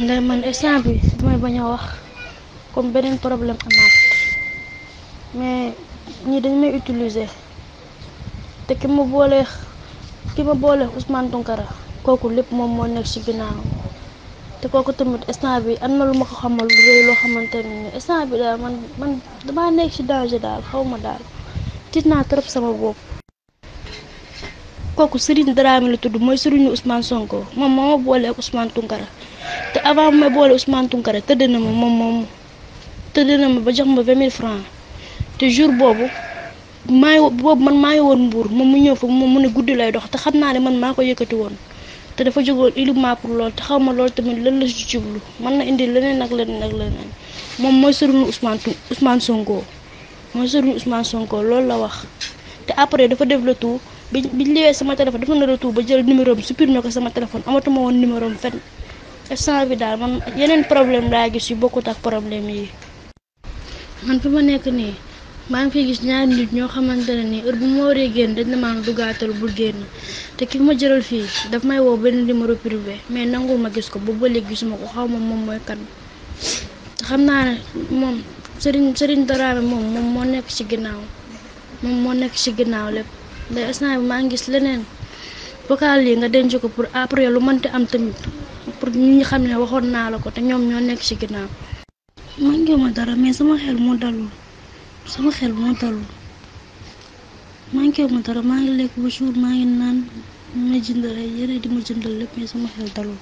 ndax man instant bi mooy bañ a wax comme beneen problème amaat mais ñii dañ may utiliser te ki ma boolee ki ma boolee Ousmane Tounkara kooku lépp moom moo nekk ci ginnaaw te kooku tamit instant bi am na lu ma ko xamal lu loo xamante ne nii instant bi daal man man damaa nekk ci danger daal xaw ma daal tiit naa trop sama bopp. kooku Serigne mi la tudd mooy Serigne Ousmane Sonko moom moo ma boolee ak Ousmane te avant may boole Ousmane Tounkara tëdd na ma moom moom tëdd na ma ba jox ma vingt mille francs te jour boobu maa ngi boobu man maa ngi woon mbuur moom mu ñëw fa moom mu ne guddi lay dox te xam naa ne man maa ko yëkkati woon te dafa jógoon uniquement pour loolu te xaw ma loolu tamit lan la si jublu man na indi leneen ak leneen ak leneen moom mooy sëriñu Ousmane Ousmane Sonko mooy sëriñu Ousmane Sonko loolu la wax te après dafa def le tout bi biñ liwee sama téléphone dafa na le tout ba jël numéro am supprimé ko sama téléphone amatuma woon numéro am fenn instant bi daal man yeneen problème laa gis yu bokkut ak problème yi. man fi ma nekk nii maa ngi fi gis ñaari nit ñoo xamante ne nii heure bu ma waree génn dañ na maan dugaatal bul génn te ki ma jëlal fii daf may woo benn numéro privé mais nangu ma gis ko ba ba gisuma ko xaw ma moom mooy kan xam naa ne moom Serigne Serigne Daraame moom moom moo nekk ci ginnaaw moom moo nekk ci ginnaaw lépp ndax instant bi maa ngi gis leneen vocal yi nga denc ko pour après lu mënti am tamit. pour ñu xam ne waxoon naa la ko te ñoom ñoo nekk ci ginnaaw. man ma dara mais sama xel moo dalul sama xel moo dalul man ma dara maa ngi lekk ba jour maa ngi naan ma jëndal ay yére di ma jëndal lépp sama xel dalul.